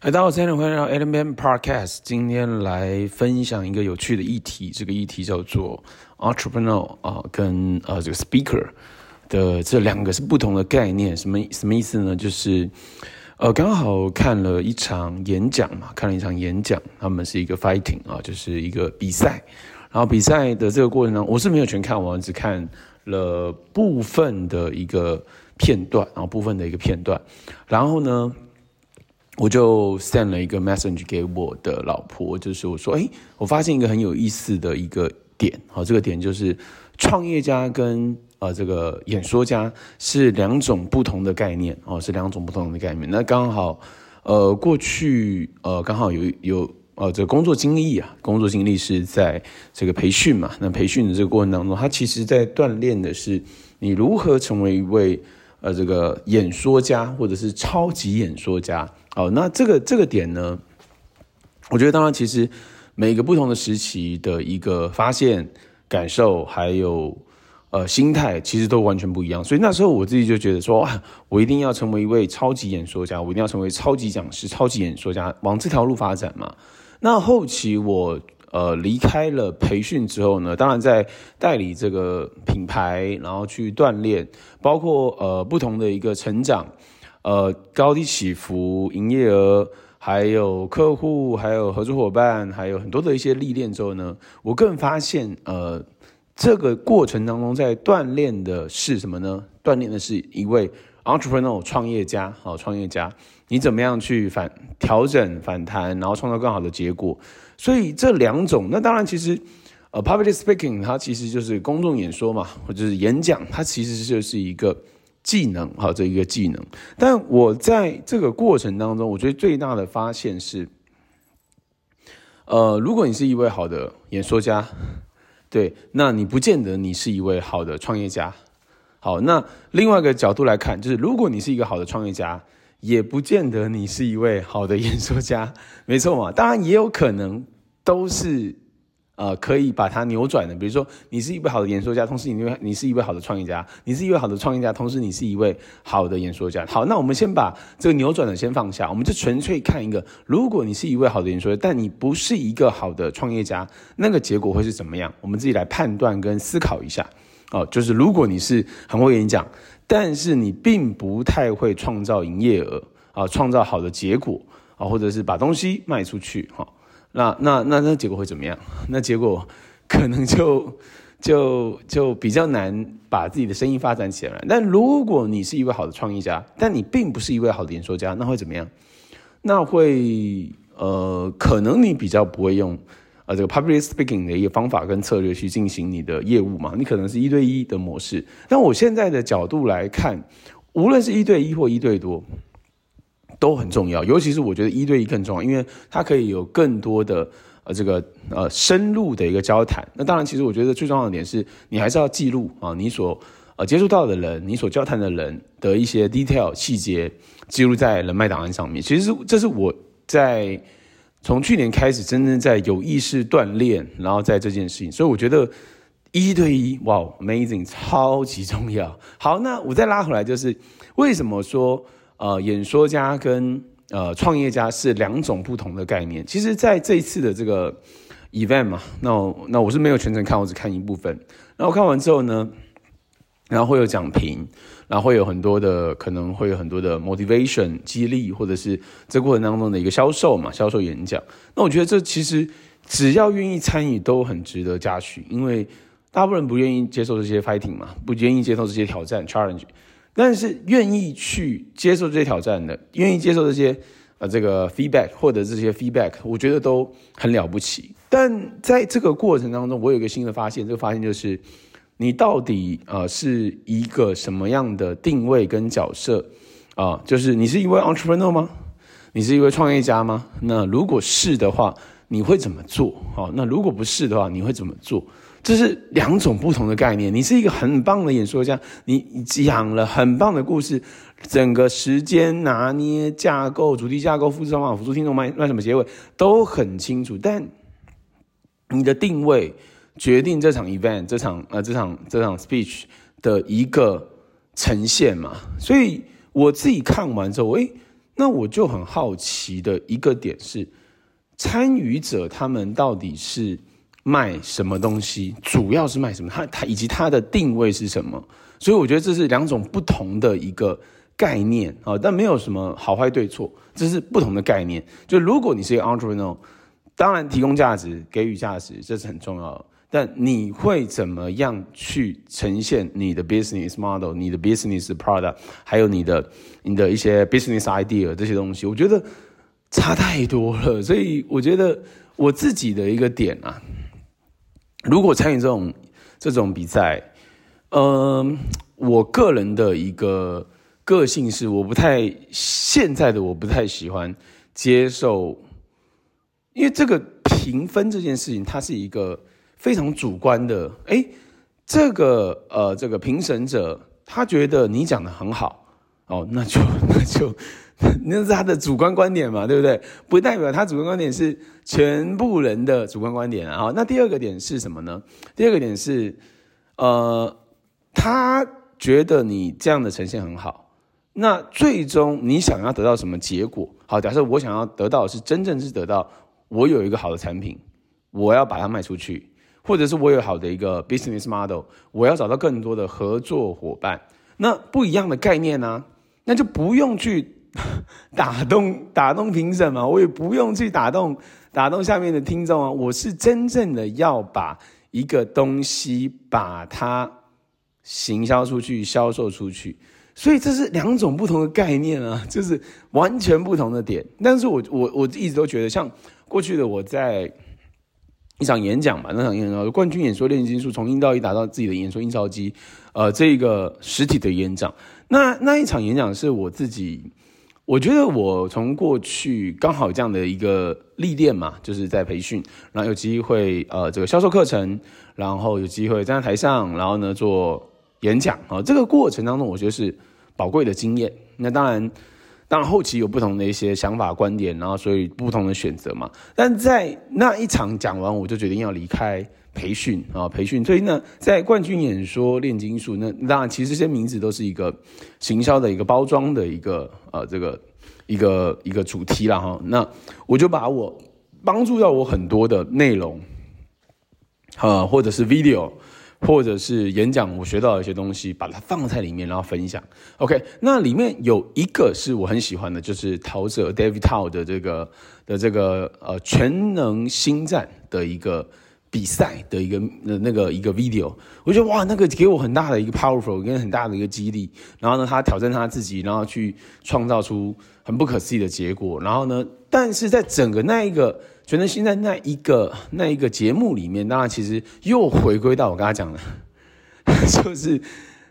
大家好，歡迎來回到 A M Man Podcast。今天來分享一個有趣的議題，這個議題叫做 entrepreneur 啊、呃，跟呃這個 speaker 的這兩個是不同的概念。什麼什麼意思呢？就是呃，剛好看了一場演講嘛，看了一場演講，他們是一個 fighting 啊、呃，就是一個比賽。然後比賽的這個過程呢，我是沒有全看，我只看了部分的一個片段，然後部分的一個片段。然後呢，我就 send 了一個 message 給我的老婆，就是我說，哎，我發現一個很有意思的一個點，好，這個點就是，創業家跟、呃、這個演說家是兩種不同的概念，哦，是兩種不同的概念。那剛好，呃，過去呃剛好有有呃這個工作經歷啊，工作經歷是在這個培訓嘛，那培訓的這個過程當中，他其實在鍛鍊的是你如何成為一位。呃，這個演說家或者是超級演說家，哦，那這個這個點呢，我覺得當然其實每個不同的時期的一個發現、感受還有呃心態，其實都完全不一樣。所以那時候我自己就覺得說，哇，我一定要成為一位超級演說家，我一定要成為超級講師、超級演說家，往這條路發展嘛。那後期我。呃，離開了培訓之後呢，當然在代理這個品牌，然後去鍛鍊，包括呃不同的一個成長，呃高低起伏、營業額，還有客戶，還有合作夥伴，還有很多的一些歷練之後呢，我更發現，呃，這個過程當中在鍛鍊的是什麼呢？鍛鍊的是一位。Entrepreneur、Entrepreneurial，創業家，好，創業家，你怎麼樣去反調整、反彈，然後創造更好的結果？所以這兩種，那當然，其實，呃，public speaking 它其實就是公眾演說嘛，或者是演講，它其實就是一個技能，好，這一個技能。但我在這個過程當中，我覺得最大的發現是，呃，如果你是一位好的演說家，對，那你不見得你是一位好的創業家。好，那另外一個角度來看，就是如果你是一個好的創業家，也不見得你是一位好的演說家，沒錯嘛？當然也有可能都是，呃，可以把它扭轉的。比如說，你是一位好的演說家，同時你是你是一位好的創業家，你是一位好的創業家，同時你是一位好的演說家。好，那我們先把這個扭轉的先放下，我們就純粹看一個，如果你是一位好的演說家，但你不是一個好的創業家，那個結果會是怎麼樣？我們自己來判斷跟思考一下。哦，就是如果你是很會演講，但是你並不太會創造營業額啊，創、哦、造好的結果啊、哦，或者是把東西賣出去哈、哦，那那那那結果會怎麼樣？那結果可能就就就比較難把自己的生意發展起來。但如果你是一位好的創業家，但你並不是一位好的演說家，那會怎麼樣？那會呃，可能你比較不會用。呃，這個 public speaking 的一個方法跟策略去進行你的業務嘛，你可能是一對一的模式。但我現在的角度來看，無論是一對一或一對多，都很重要。尤其是我覺得一對一更重要，因為它可以有更多的呃這個呃深入的一個交談。那當然，其實我覺得最重要的點是你還是要記錄啊，你所呃接觸到的人，你所交談的人的一些 detail 細節，記錄在人脈檔案上面。其實這是我在。從去年開始，真正在有意識鍛鍊，然後在這件事情，所以我覺得一對一，哇，wow，amazing，超級重要。好，那我再拉回來，就是為什麼說呃，演說家跟呃創業家是兩種不同的概念。其實在這一次的這個 event 嘛，那我那我是沒有全程看，我只看一部分。那我看完之後呢？然後會有講評，然後會有很多的，可能會有很多的 motivation 激勵，或者是這過程當中的一個銷售嘛，銷售演講。那我覺得這其實只要願意參與都很值得嘉許，因為大部分人不願意接受這些 fighting 嘛，不願意接受這些挑戰 challenge，但是願意去接受這些挑戰的，願意接受這些呃這個 feedback，或者這些 feedback，我覺得都很了不起。但在這個過程當中，我有一個新的發現，這個發現就是。你到底呃，是一個什麼樣的定位跟角色？呃，就是你是一位 entrepreneur 嗎？你是一位創業家嗎？那如果是的話，你會怎麼做？哦，那如果不是的話，你會怎麼做？這是兩種不同的概念。你是一個很棒的演說家，你講了很棒的故事，整個時間拿捏、架構、主題架構、複製方法、輔助聽眾、賣賣什麼結尾都很清楚，但你的定位，決定這場 event 這場啊、呃、這場這場 speech 的一個呈現嘛，所以我自己看完之後，誒，那我就很好奇的一個點是，參與者他們到底是賣什麼東西，主要是賣什麼，他他以及他的定位是什麼？所以我覺得這是兩種不同的一個概念啊、哦，但沒有什麼好壞對錯，這是不同的概念。就如果你是一個 entrepreneur，當然提供價值，給予價值，這是很重要的。但你會怎麼樣去呈現你的 business model、你的 business product，還有你的你的一些 business idea 這些東西？我覺得差太多了。所以我覺得我自己的一個點啊，如果參與這種這種比賽，嗯、呃，我個人的一個個性是，我不太現在的我不太喜歡接受，因為這個評分這件事情，它是一個，非常主觀的，哎，這個呃，這個評審者他覺得你講得很好哦，那就那就那是他的主觀觀點嘛，對不對？不代表他主觀觀點是全部人的主觀觀點啊。那第二個點是什麼呢？第二個點是，呃，他覺得你這樣的呈現很好。那最終你想要得到什麼結果？好，假設我想要得到是真正是得到我有一個好的產品，我要把它賣出去。或者是我有好的一個 business model，我要找到更多的合作夥伴，那不一樣的概念呢、啊？那就不用去打動打動評審嘛、啊，我也不用去打動打動下面的聽眾啊，我是真正的要把一個東西把它行銷出去、銷售出去，所以這是兩種不同的概念啊，就是完全不同的點。但是我我我一直都覺得，像過去的我在。一場演講吧，那場演講冠軍演說煉金術，從零到一打造自己的演說印鈔機，呃，這個實體的演講。那那一場演講是我自己，我覺得我從過去剛好這樣的一個歷練嘛，就是在培訓，然後有機會呃，這個銷售課程，然後有機會站在台上，然後呢做演講。呃，這個過程當中我覺得是寶貴的經驗。那當然。當然後期有不同的一些想法觀點，然後所以不同的選擇嘛。但在那一場講完，我就決定要離開培訓啊，培訓。所以呢，在冠軍演說煉金術，那當然其實這些名字都是一個行銷的一個包裝的一個呃這個一個一個主題了哈。那我就把我幫助到我很多的內容，呃，或者是 video。或者是演講，我學到的一些東西，把它放在裡面，然後分享。OK，那裡面有一個是我很喜歡的，就是陶喆 David Tao 的這個的這個呃全能星戰的一個比賽的一個那個一個 video，我覺得哇，那個給我很大的一個 powerful 跟很大的一個激勵。然後呢，他挑戰他自己，然後去創造出很不可思議的結果。然後呢，但是在整個那一個。覺得現在那一個那一個節目裡面，當然其實又回歸到我剛才講的，就是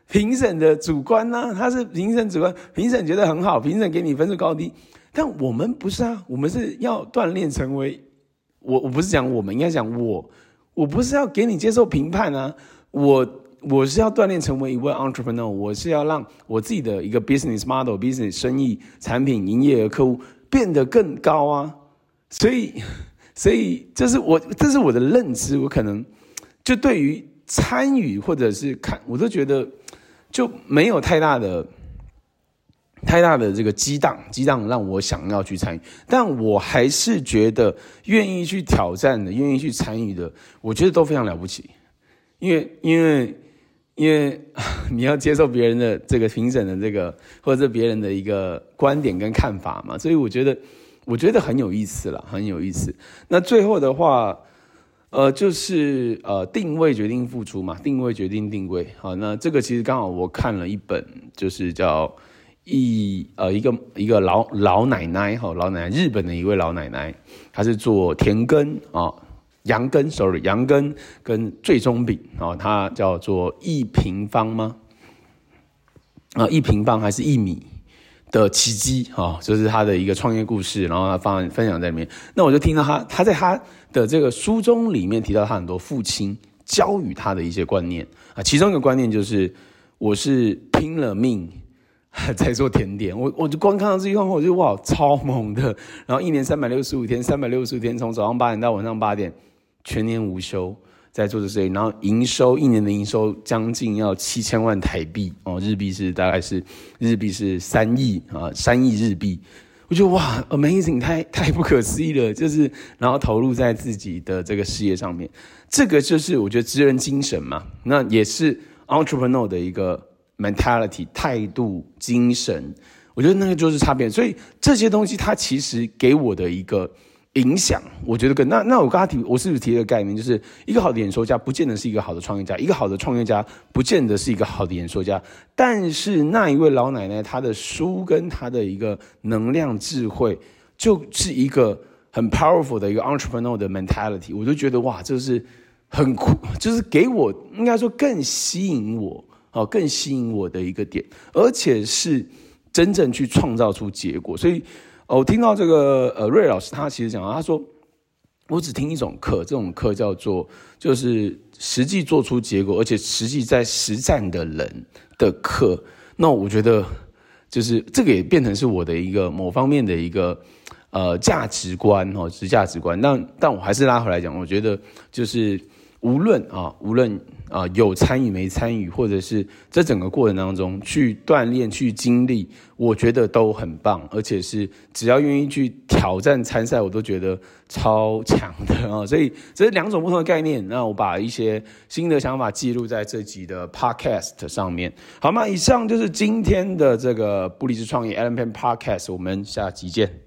評審的主觀吶、啊，他是評審主觀，評審覺得很好，評審給你分數高低，但我們不是啊，我們是要鍛鍊成為我，我不是講我們，應該講我，我不是要給你接受評判啊，我，我是要鍛鍊成為一位 entrepreneur，我是要讓我自己的一個 business model、business 生意、產品、營業額、客戶變得更高啊。所以，所以這是我，這是我的認知。我可能就對於參與或者是看，我都覺得就沒有太大的、太大的這個激盪、激盪，讓我想要去參與。但我還是覺得願意去挑戰的、願意去參與的，我覺得都非常了不起。因為，因為，因為你要接受別人的這個評審的這個，或者別人的一個觀點跟看法嘛。所以，我覺得。我覺得很有意思了，很有意思。那最後的話，呃，就是呃，定位決定付出嘛，定位決定定位。好，那這個其實剛好我看了一本，就是叫一呃一個一個老老奶奶哈，老奶奶、喔、老奶奶，日本的一位老奶奶，她是做田根啊、喔，羊羹，sorry，羊羹跟最中餅啊，她叫做一平方嗎？啊、呃，一平方還是一米？的奇蹟哈，就是他的一個創業故事，然後他分享在裡面。那我就聽到他，他在他的這個書中裡面提到他很多父親教育他的一些觀念啊，其中一個觀念就是我是拼了命在做甜點，我我就光看到這句話，我就哇超猛的，然後一年三百六十五天，三百六十五天從早上八點到晚上八點，全年無休。在做的事情然後營收一年的營收將近要七千萬台幣哦，日幣是大概是日幣是三億啊，三億日幣。我覺得哇，amazing，太太不可思議了。就是然後投入在自己的這個事業上面，這個就是我覺得職人精神嘛，那也是 entrepreneur 的一個 mentality 態度精神。我覺得那個就是差別。所以這些東西，它其實給我的一個。影響，我覺得跟那那我剛剛提，我是不是提了個概念，就是一個好的演說家不見得是一個好的創業家，一個好的創業家不見得是一個好的演說家。但是那一位老奶奶，她的書跟她的一個能量智慧，就是一個很 powerful 的一個 entrepreneur 的 mentality。我就覺得哇，這是很酷，就是給我應該說更吸引我哦，更吸引我的一個點，而且是真正去創造出結果，所以。哦，我聽到這個呃，瑞老師他其實講，他說我只聽一種課，這種課叫做就是實際做出結果，而且實際在實戰的人的課。那我覺得就是這個也變成是我的一個某方面的一個呃價值觀哦，是價值觀。但但我還是拉回來講，我覺得就是。無論啊，無論啊，有參與沒參與，或者是這整個過程當中去鍛鍊、去經歷，我覺得都很棒，而且是只要願意去挑戰參賽，我都覺得超強的啊！所以這是兩種不同的概念。那我把一些新的想法記錄在這集的 Podcast 上面，好嗎？以上就是今天的這個不離職創業 Allen Peng Podcast，我們下集見。